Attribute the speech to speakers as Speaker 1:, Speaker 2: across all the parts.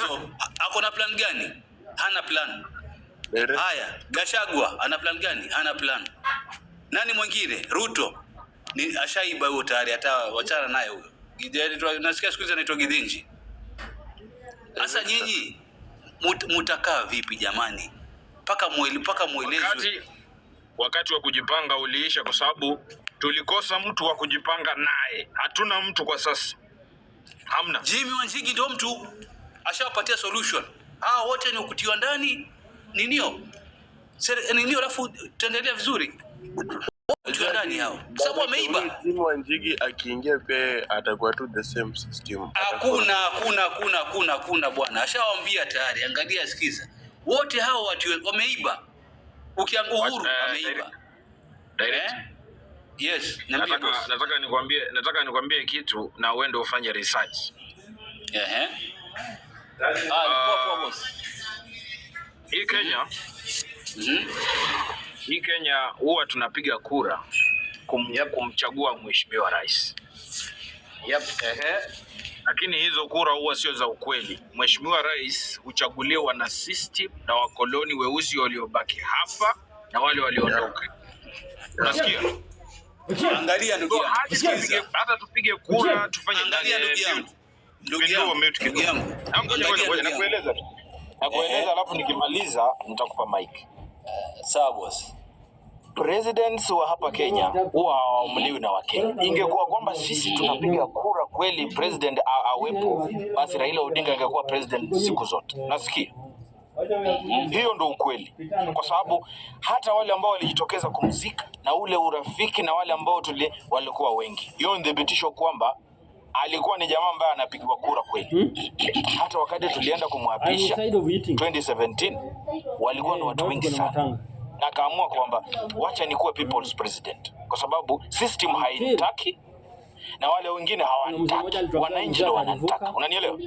Speaker 1: Kalonzo ah. ako na plan gani? Hana plan. Haya, Gashagwa ana plan gani? Hana plan. Nani mwingine? Ruto ni ashaiba huyo tayari, hata wachana naye huyo. Nasikia siku hizi anaitwa Gidhinji. Sasa nyinyi mutakaa vipi jamani? Paka mweli paka mwelezwe wakati,
Speaker 2: wakati wa kujipanga uliisha, kwa sababu tulikosa mtu wa kujipanga naye. Hatuna mtu kwa sasa, hamna.
Speaker 1: Jimmy Wanjigi ndio mtu ashawapatia solution hawa wote, ni kutiwa ndani ninio ninio, alafu tutaendelea vizuri sababu
Speaker 3: timu wa Njigi. Akiingia pia atakuwa tu the same system.
Speaker 1: Hakuna hakuna hakuna hakuna hakuna bwana, ashawaambia tayari. Angalia, sikiza, wote hao watu wameiba. Ukiangu Uhuru eh, ameiba eh? Yes,
Speaker 2: nataka, nataka nikwambie nataka nikwambie kitu na uende ufanye research. uh -huh. Ah, ah, uh, hii Kenya mm -hmm. Hii Kenya huwa tunapiga kura kum, yep. kumchagua mheshimiwa rais yep. Lakini hizo kura huwa sio za ukweli. Mheshimiwa rais huchaguliwa na system na wakoloni weusi waliobaki hapa na wale walioondoka. Unasikia? Angalia ndugu yangu. Hata tupige kura tufanye ndani eh, ya nakueleza alafu eh. nikimaliza nitakupa mic. Eh, sawa boss. Presidents wa hapa Kenya huwa hawaamuliwi na Wakenya. Ingekuwa kwamba sisi tunapiga kura kweli president awepo, basi Raila Odinga angekuwa president siku zote. Nasikia mm-hmm. hiyo ndo ukweli, kwa sababu hata wale ambao walijitokeza kumzika na ule urafiki na wale ambao tuli walikuwa wengi, hiyo ni thibitisho kwamba alikuwa ni jamaa ambaye anapigwa kura kweli. Hmm? Hata wakati tulienda kumwapisha 2017 walikuwa ni watu wengi sana, na akaamua kwamba wacha nikuwe people's president, kwa sababu system haitaki na wale wengine hawanitaki, wananchi ndio wanataka, unanielewa?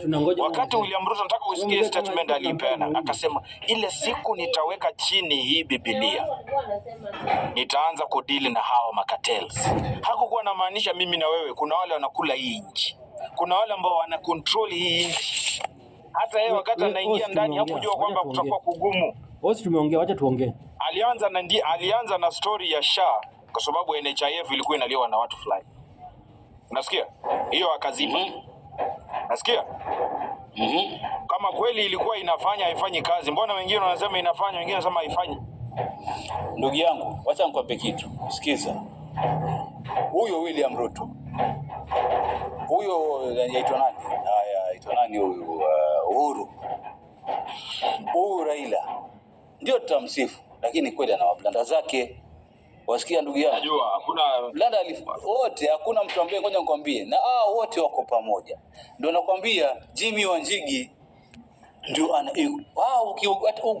Speaker 2: Tunangoja Wakati William Ruto, nataka usikie statement alipeana, akasema ile siku nitaweka chini hii Biblia nitaanza kudili na hawa makatels. Hakukuwa namaanisha mimi na wewe, kuna wale wanakula hii nchi, kuna wale ambao wana control hii nchi. Hata yeye wakati anaingia ndani hakujua kwamba kutakuwa kugumu.
Speaker 4: Wote tumeongea, acha tuongee.
Speaker 2: Alianza na, ndi, alianza na story ya Shah kwa sababu NHIF ilikuwa inaliwa na watu fulani, unasikia hiyo, akaziba mm -hmm. nasikia mm -hmm. kama kweli ilikuwa inafanya haifanyi kazi, mbona wengine wanasema inafanya, wengine wanasema haifanyi?
Speaker 1: Ndugu yangu, wacha nikwambie kitu, sikiza. Huyo William Ruto huyo anaitwa eh, nani? Haya, anaitwa nani huyu? Uh, Uhuru huyu Raila ndio tutamsifu, lakini kweli ana wablanda zake. Wasikia ndugu yangu,
Speaker 2: najua hakuna
Speaker 1: blada wote, hakuna mtu ambaye, ngoja nikwambie, na hao wote wako pamoja. Ndio nakwambia Jimmy Wanjigi ndio ana wao,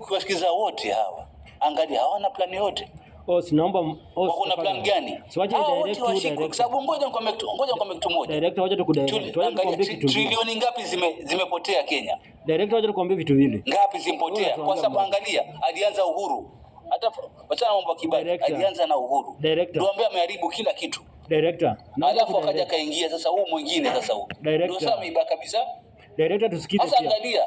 Speaker 1: ukiwasikiza wote hawa, angalia hawana plani yote
Speaker 4: Oh, sinaomba oh,
Speaker 1: kuna plan gani? Siwaje direct to direct. Kwa sababu ngoja nikwambie kitu, ngoja nikwambie kitu moja. Direct hoja tu kudirect. Trilioni ngapi zime zimepotea Kenya?
Speaker 4: Direct hoja nikwambie vitu vile.
Speaker 1: Ngapi zimepotea? Kwa sababu angalia, alianza uhuru hata wachana mambo kibali, alianza na Uhuru ndio ambaye ameharibu kila kitu director, alafu akaja kaingia sasa huu mwingine sasa huu ndio sasa ameiba kabisa.
Speaker 4: Director, tusikize sasa, angalia,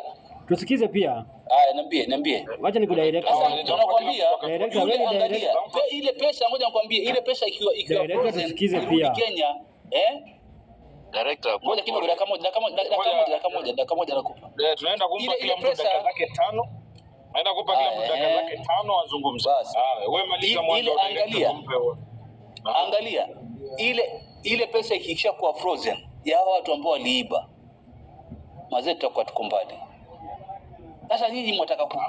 Speaker 4: tusikize pia.
Speaker 1: Haya, niambie, niambie,
Speaker 4: wacha niku Sasa
Speaker 1: nakwambia director, wewe angalia ile pesa, ngoja nikwambie ile pesa ikiwa ikiwa director, tusikize
Speaker 4: pia Kenya,
Speaker 1: eh Director, ngoja kidogo, dakika moja, dakika moja, dakika moja, dakika moja nakupa.
Speaker 2: Eh, tunaenda kumpa kila mtu dakika zake k Nakupa kila mtu dakika eh. zake tano azungumze. Ah, wewe malika mwanzo.
Speaker 1: angalia. Angalia. Ile ile pesa ikishakuwa frozen ya hao watu ambao waliiba, mazee tutakuwa tuko mbali. Sasa nyinyi mwataka ku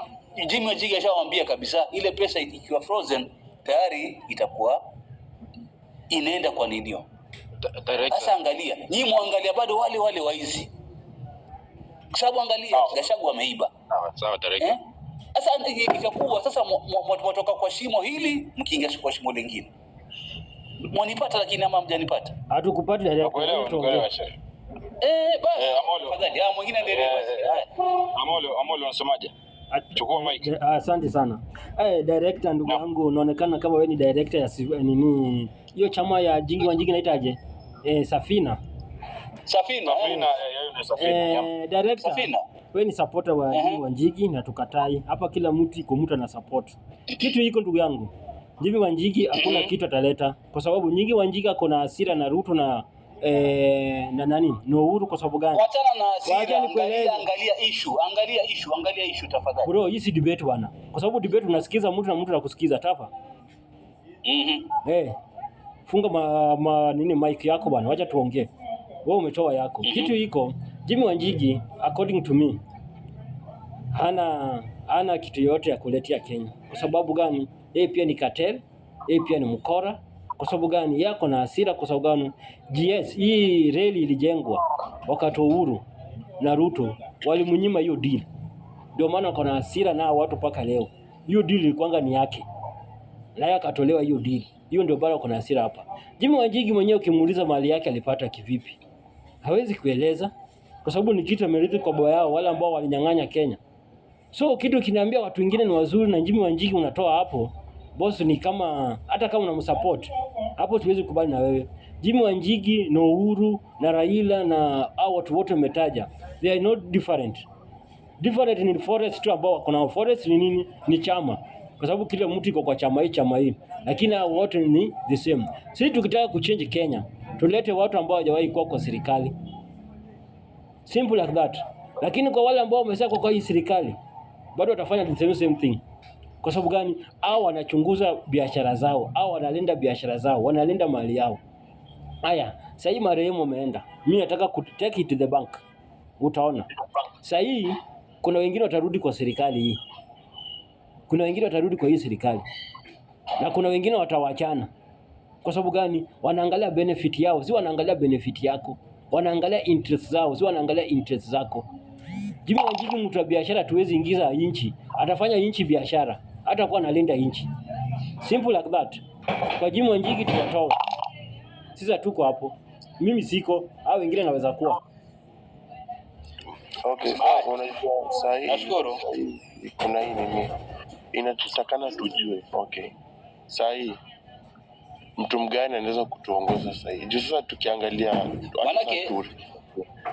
Speaker 1: Jimmy Ojigi ashawaambia kabisa, ile pesa ikiwa frozen tayari itakuwa inaenda kwa ninio. Sasa angalia, nyinyi mwangalia bado wale wale waizi, kwa sababu angalia Gashagu ameiba.
Speaker 2: Sawa, sawa, tarehe eh?
Speaker 1: Sasa ikakuwa sasa mwatoka kwa shimo hili mkiingia kwa shimo lingine. Mwanipata lakini ama mjanipata?
Speaker 4: Hatukupata
Speaker 2: dada.
Speaker 1: Eh, basi eh, afadhali ah, mwingine endelee eh,
Speaker 2: eh, Amolo, Amolo unasemaje? Ah,
Speaker 4: ah, asante sana. Eh, director ndugu yangu unaonekana kama wewe ni director ya nini? Hiyo chama ya Jingi wanjingi naitaje? Eh, Safina.
Speaker 1: Safina.
Speaker 2: Safina, eh, Safina.
Speaker 4: Eh, director. Safina wewe ni supporta wa uh-huh. Wanjigi na tukatai hapa, kila mtu iko mtu ana support kitu iko, ndugu yangu Jimmy Wanjigi hakuna kitu ataleta, kwa sababu nyingi Wanjigi ako na hasira na Ruto na eh, na nani na Uhuru. Kwa sababu gani?
Speaker 1: Wachana na hasira, angalia, angalia issue, angalia issue, angalia issue tafadhali
Speaker 4: bro. Hii si debate bwana, kwa sababu debate unasikiza mtu na mtu anakusikiza tafa.
Speaker 1: mm -hmm.
Speaker 4: Eh, funga ma, ma, nini mic yako bwana, wacha tuongee. Wewe umetoa yako mm -hmm. kitu iko Jimmy Wanjigi according to me hana hana kitu yoyote ya kuletea Kenya. Kwa sababu gani? Yeye pia ni cartel, yeye pia ni mkora. Kwa sababu gani? Yako na hasira. Kwa sababu gani? GS hii reli ilijengwa wakati wa Uhuru na Ruto, walimnyima hiyo deal, ndio maana kuna asira hasira na watu mpaka leo. Hiyo deal ilikuwanga ni yake, yeye akatolewa hiyo deal. Hiyo ndio bado kuna hasira hapa. Jimmy Wanjigi mwenyewe ukimuuliza mali yake alipata kivipi, hawezi kueleza kwa sababu ni kitu amerithi kwa baba yao, wale ambao walinyang'anya Kenya. So kitu kinaambia watu wengine ni wazuri na wa njiki unatoa hapo boss, ni kama hata kama unamsupport hapo, tuwezi kukubali na wewe. Jimmy Wanjigi na Uhuru na Raila na au watu wote umetaja, they are not different. Different ni forest tu ambao kuna forest ni nini? Ni chama kwa sababu kila mtu iko kwa chama hii chama hii, lakini hao wote ni the same. Sisi tukitaka kuchange Kenya, tulete watu ambao hawajawahi kuwa kwa serikali. Simple like that. Lakini kwa wale ambao wamesha kwa hii serikali bado watafanya the same thing. Kwa sababu gani? Au wanachunguza biashara zao, au wanalinda biashara zao, wanalinda mali yao. Haya, sasa hii marehemu ameenda. Mimi nataka ku take it to the bank. Utaona. Sasa hii kuna wengine watarudi kwa serikali hii. Kuna wengine watarudi kwa hii serikali. Na kuna wengine watawachana. Kwa sababu gani? Wanaangalia benefit yao, si wanaangalia benefit yako wanaangalia interest zao, sio wanaangalia interest zako. Jimmy Wanjiru mtu wa biashara, tuwezi ingiza inchi, atafanya inchi biashara, hata kuwa analinda inchi. Simple like that. Kwa Jimmy Wanjiru tunatoa sisi, hatuko hapo, mimi siko au wengine naweza kuwa
Speaker 3: Okay, sasa unajua sahi, nashukuru. Kuna hii mimi. inatusakana tujue. Okay, sahi mtu mgani anaweza kutuongoza sahii juu sasa tukiangalia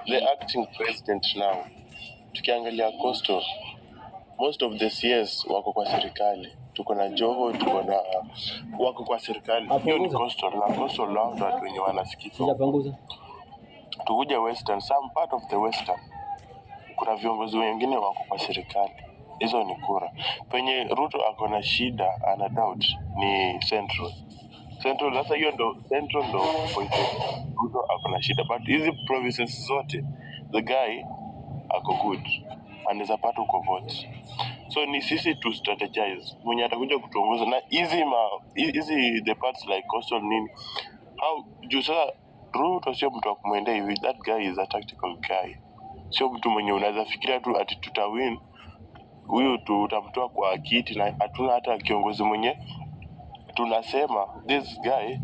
Speaker 3: the acting president now tukiangalia costo most of the CS wako kwa serikali, tuko na Joho, tuko na wako kwa serikali. Hiyo ni costo na costo lao ndo watu wenye wanasikika. Tukuja Western, some part of the Western, kuna viongozi wengine wako kwa serikali, hizo ni kura. Penye Ruto ako na shida ana doubt ni Central Central. Sasa hiyo ndo Central ndo point Ruto ako na shida, but hizi provinces zote the guy ako good, anaweza pata uko vote. So ni sisi tu strategize mwenye atakuja kutuongoza na hizi ma hizi the parts like coastal nini, how juu sasa Ruto sio mtu wa kumwendea hivi. That guy is a tactical guy, sio mtu mwenye unaweza fikiria tu ati tutawin huyu, tutamtoa kwa kiti, na hatuna hata kiongozi mwenye tunasema this guy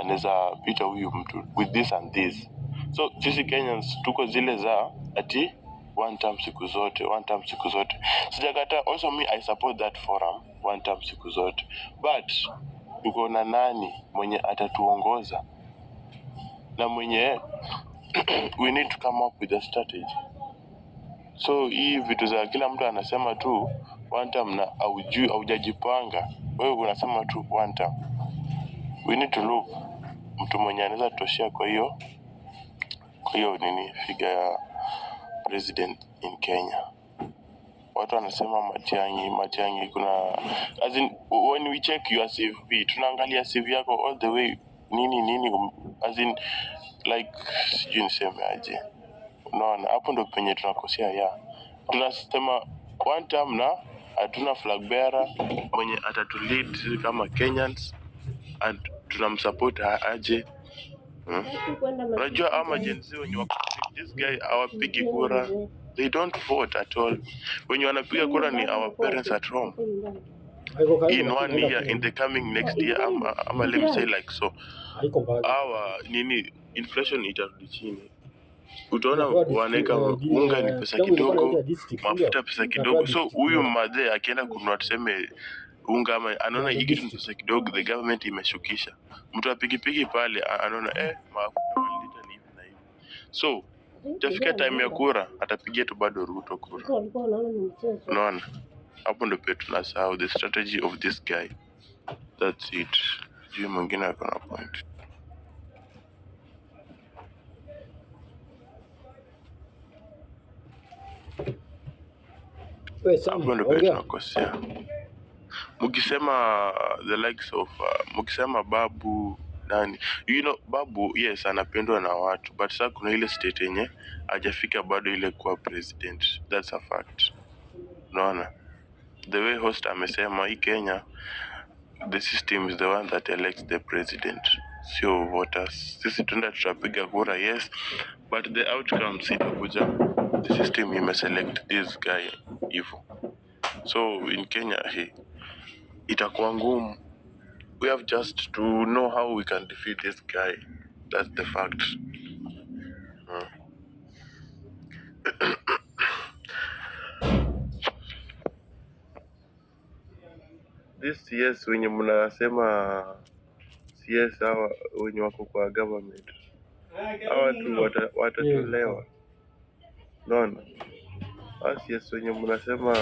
Speaker 3: anaweza pita huyu mtu with this and this. So sisi Kenyans tuko zile za ati one term siku zote, one term siku zote. Sijakata, also me I support that forum one term siku zote, but tuko na nani mwenye atatuongoza na mwenye we need to come up with a strategy. So hii vitu za kila mtu anasema tu one time na haujui aujajipanga wewe unasema tu one time. We need to look mtu mwenye anaweza toshia kwa hiyo kwa hiyo nini figure ya president in Kenya. Watu wanasema Matiangi, Matiangi kuna as in, when we check your CV tunaangalia CV yako all the way nini nini, um, as in like sijui niseme aje. Unaona, hapo ndo penye tunakosea ya tunasema one time na hatuna flag bearer mwenye atatulead kama Kenyans, tunamsupport aje. Hmm. Unajua ama jenzi wenye wako this guy awapigi kura, they don't vote at all. Wenye wanapiga kura ni our parents at home in one year in the coming next year ama, ama let me say like so, our nini inflation itarudi chini utaona wanaweka unga ni pesa kidogo, mafuta pesa kidogo. So huyu madhe akienda kununua tuseme unga ama anaona hii kitu ni pesa kidogo, the government imeshukisha. Mtu wa pikipiki pale anaona eh, mafuta ni hivi na hivi, so itafika time ya kura atapigia tu bado Ruto kura. Unaona, hapo ndo pia tunasahau the strategy of this guy. That's it. Sijui mwingine akona point. tunakosea mkisema the likes of uh, mkisema babu nani you know, babu yes anapendwa na watu but saa kuna ile state yenye hajafika bado ile kuwa president that's a fact unaona the way host amesema hii kenya the system is the one that elects the president sio voters sisi tuenda tutapiga kura yes but the outcomes itakuja the system imeselect this guy hivyo, so in Kenya he itakuwa ngumu. We have just to know how we can defeat this guy, that's the fact hmm. This CS wenye mnasema CS hawa wenye wako kwa government hawa tu watatolewa yeah. Naona Basi yes, wenye mnasema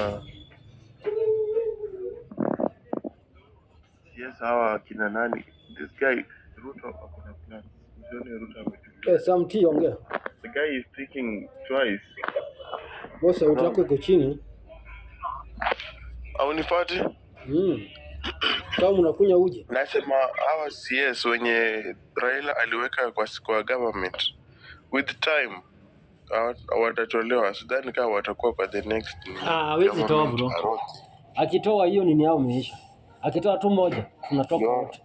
Speaker 3: yes, hawa kina nani? This guy Ruto ako na plan. Usione Ruto ametulia.
Speaker 4: Eh, Samti ongea.
Speaker 3: The guy is speaking twice.
Speaker 4: Boss, sauti yako iko chini.
Speaker 3: Au nipati?
Speaker 4: Mm. Kama unakunya uje.
Speaker 3: Nasema hawa CS wenye Raila aliweka kwa kwa government with time hawa- watatolewa, sidhani kama watakuwa kwa the next
Speaker 4: Ah, hawezi toa bro. Akitoa hiyo nini yao imeisha. Akitoa tu moja tunatoka wote.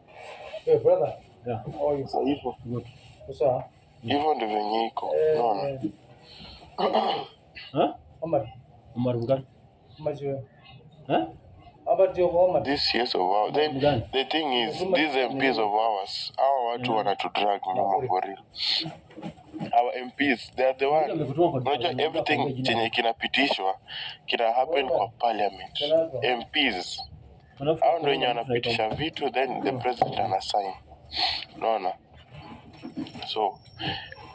Speaker 4: Hey, brother, Yeah. Oh, yes. you? Sasa
Speaker 3: hivyo ndio venye iko, eh, eh. unaona. Eh,
Speaker 4: Ha? Omar, Omar mgani? Maji. Jiwe. Ha?
Speaker 3: This yes of ours. The, the thing is, these MPs of ours, our watu wanatudrag nyuma for real our MPs they are the one. Unajua everything chenye kinapitishwa kina happen kwa parliament. MPs hao ndio wenye wanapitisha vitu then the president anasign. Unaona? So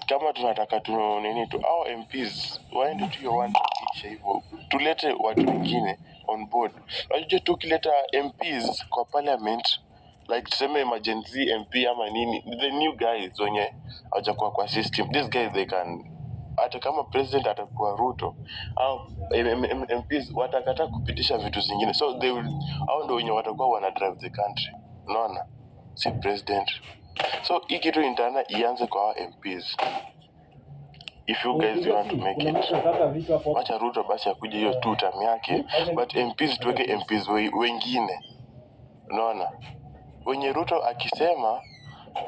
Speaker 3: kama tunataka tu nini tu our MPs waende tu hiyo one kisha hivyo tulete watu wengine on board. Unajua tukileta MPs kwa parliament like tuseme emergency mp ama nini the new guys wenye hawajakuwa kwa system these guys they can hata kama president atakuwa ruto au mps watakataa kupitisha vitu zingine so they will au ndo wenye watakuwa wana drive the country unaona si president so hii kitu intana ianze kwa hawa mps if you guys you want to make it wacha ruto basi akuja hiyo tu tam yake but mps tuweke mps wengine unaona wenye Ruto akisema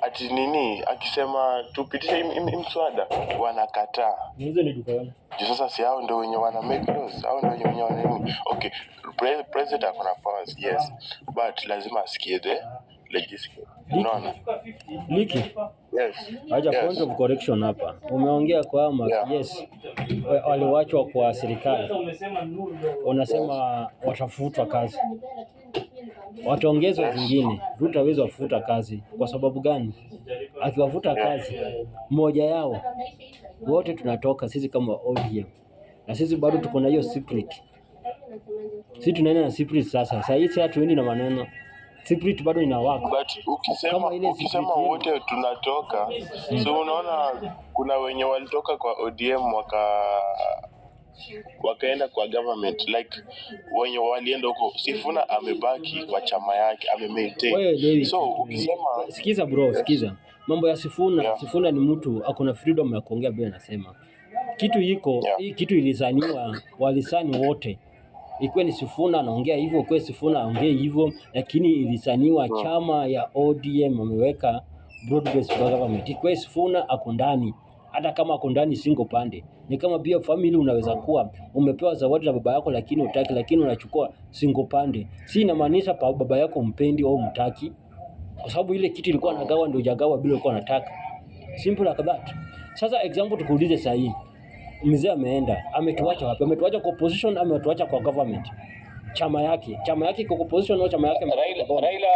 Speaker 3: ati nini, akisema tupitishe mswada wanakataa. Juu sasa si hao ndio wenye wana make laws, hao ndio wenye wana nini? Okay, pre president ako na powers yes, but lazima asikie the legislature. Liki? Yes.
Speaker 4: yes. correction hapa. Umeongea kwamba yeah. Yes. Waliwachwa kwa serikali. Unasema yes. Watafutwa kazi wataongezwa zingine. Ruto hawezi wafuta kazi. Kwa sababu gani? Akiwafuta kazi mmoja yao, wote tunatoka sisi kama ODM, na sisi bado tuko na hiyo secret. Sisi tunaenda na secret sasa. Sasa sasa tuendi na maneno Secret bado inawaka.
Speaker 3: But ukisema, ukisema wote tunatoka, hmm. So unaona kuna wenye walitoka kwa ODM waka wakaenda kwa government like wenye walienda huko. Sifuna amebaki kwa chama yake,
Speaker 4: amemaintain.
Speaker 3: So ukisema
Speaker 4: sikiza, bro, sikiza mambo ya Sifuna yeah. Sifuna ni mtu akona freedom ya kuongea bila anasema kitu iko yeah. Hii kitu ilizaniwa walisani wote ikuwe ni Sifuna anaongea hivyo, ikiwa Sifuna aongee hivyo, lakini ilisaniwa no. Chama ya ODM wameweka broad based government. Ikiwa Sifuna ako ndani, hata kama ako ndani single pande ni kama pia family, unaweza mm. kuwa umepewa zawadi na baba yako, lakini utaki, lakini unachukua single pande. Si inamaanisha baba yako mpendi au mtaki, kwa sababu ile kitu ilikuwa anagawa ndio jagawa bila ulikuwa unataka, simple like that. Sasa example tukuulize sasa hii mzee ameenda, ametuacha wapi? Ametuacha kwa opposition, ametuacha kwa government? Chama yake chama yake kwa opposition au chama yake
Speaker 1: Raila Raila,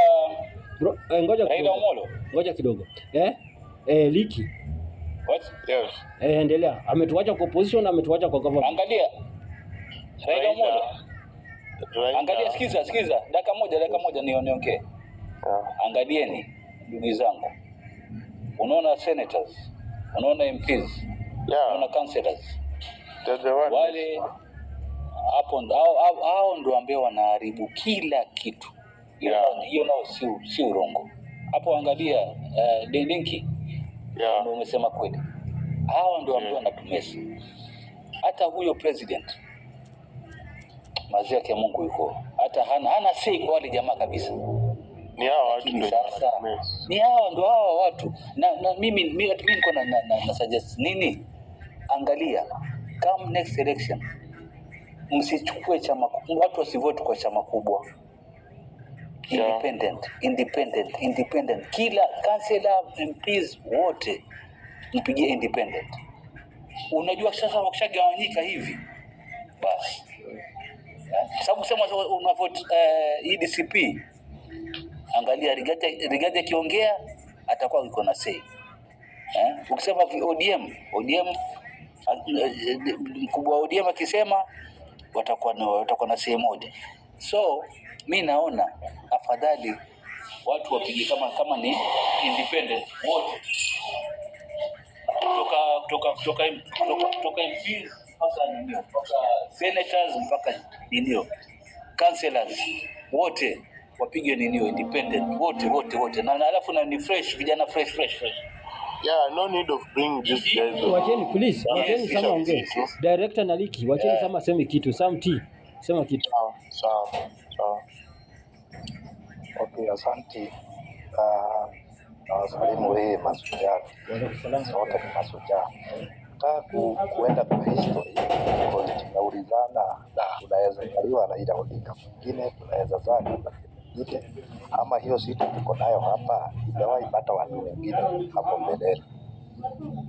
Speaker 1: eh, ngoja kidogo,
Speaker 4: ngoja kidogo eh eh, liki
Speaker 1: What? Yes.
Speaker 4: Eh, endelea. Ametuacha kwa opposition na ametuacha kwa government.
Speaker 1: Angalia. Raila moja. Angalia, sikiza, sikiza. Dakika moja, dakika moja niongee. Angalieni ndugu zangu. Unaona senators, unaona MPs, yeah. Unaona councillors. Wale hapo hao ndio ambao wanaharibu kila kitu. Hiyo yeah. Nao si si urongo. Hapo angalia uh, eh, Denki yeah. na umesema kweli, hawa ndio ambao mm. wanatumesa hata huyo president mazi yake Mungu yuko hata hana hana sei kwa wale jamaa kabisa.
Speaker 3: Ni hawa watu ndio
Speaker 1: ni hawa ndio hawa watu na, na mimi mimi niko na, na, na, na suggest nini, angalia come next election, msichukue chama, watu wasivote kwa chama kubwa yeah. Independent, independent, independent. Kila kansela MPs wote mpigie independent. Unajua sasa wakishagawanyika hivi basi, eh, sababu sema una vote uh, eh, EDCP, angalia Rigati, Rigati akiongea atakuwa yuko na sei eh? Ukisema ODM, ODM ah, eh, mkubwa wa ODM akisema watakuwa na, watakuwa na sei moja so mi naona afadhali watu wapige kama kama ni independent wote kutoka kutoka kutoka kutoka kutoka mpaka ninio mpaka senators mpaka ninio councillors wote wapige ninio independent wote wote wote, na alafu na ni fresh vijana fresh fresh fresh
Speaker 3: Yeah, no need of bring this guys.
Speaker 4: Wacheni please, wacheni sana ongee. Director Naliki, wacheni sama sema kitu, Sam T. Sema kitu.
Speaker 3: Sawa, sawa, sawa. Okay, asanti. Ah, Nawasalimu hii masuja sote ni masuja. Tatu kuenda kwa historia, tunaulizana na tunaweza zaliwa na ila odika mwingine, tunaweza zaa na mwingine, ama hiyo sita tuko nayo hapa imewahi pata watu wengine hapo mbeleni,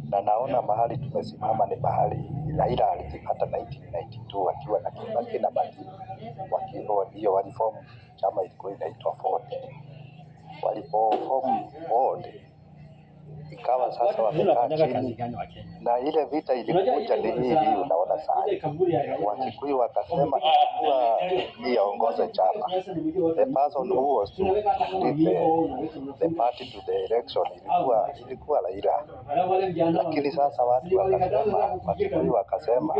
Speaker 3: na naona mahali tumesimama ni mahali Raila alijipata 1992 akiwa na Kibaki na Majini wakiwa oh, ndio walifomu chama ilikuwa inaitwa Ford. Walipofomu Ford ikawa sasa wamekaa chini, na ile vita ilikuja ni hii unaona sai. Wakikuyu wakasema ilikuwa ni chama, the person who was to lead the, the party to the election ilikuwa ilikuwa Raila, lakini sasa watu wakasema, Wakikuyu wakasema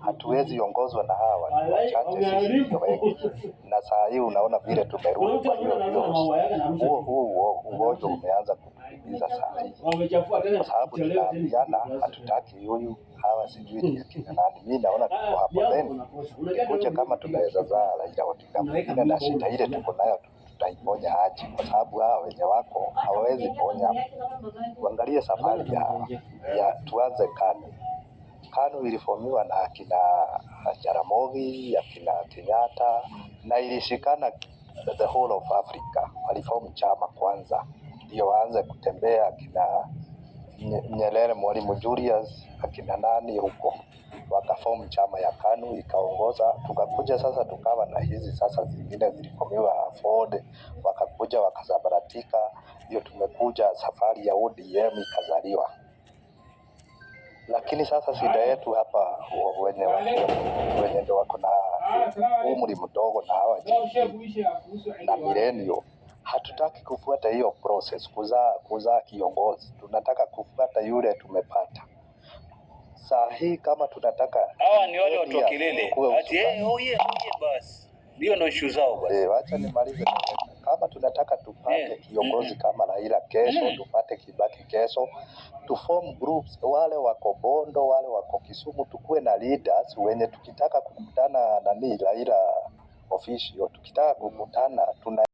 Speaker 3: hatuwezi ongozwa na hawa wachache sisi wengi, na saa hii unaona vile tumerudi. Kwa hiyo huo huo ugonjwa umeanza kutulipiza saa hii, kwa sababu tunaambiana hatutaki huyu hawa sijui ni akina nani. Mi naona tuko hapo then kucha kama tunaweza zaa Raila Odinga mwingine, na shida ile tuko nayo tutaiponya aje? Kwa sababu hawa wenye wako hawawezi ponya. Uangalie safari ya, ya tuanze kani KANU ilifomiwa na akina Jaramogi, akina Kenyatta na ilishikana the whole of Africa. Walifomu chama kwanza, ndio waanze kutembea akina Nyerere, Mwalimu Julius, akina nani huko, wakafomu chama ya KANU ikaongoza. Tukakuja sasa tukawa na hizi sasa zingine zilifomiwa Ford, wakakuja wakasabaratika, ndio tumekuja safari ya ODM ikazaliwa lakini sasa shida yetu hapa wenye wenye ndo wako na umri mdogo na hawa na milenio, hatutaki kufuata hiyo process kuzaa kuzaa kiongozi, tunataka kufuata yule tumepata saa hii. Kama tunataka
Speaker 1: hawa ni wale watu wa kilele, ati eh, oh yeah, basi hiyo ndio issue zao basi.
Speaker 3: Eh, acha nimalize kama tunataka tupate kiongozi kama Raila kesho, mm. tupate Kibaki kesho, tu form groups, wale wako Bondo, wale wako Kisumu, tukuwe na leaders wenye tukitaka kukutana nani Raila official, tukitaka kukutana tuna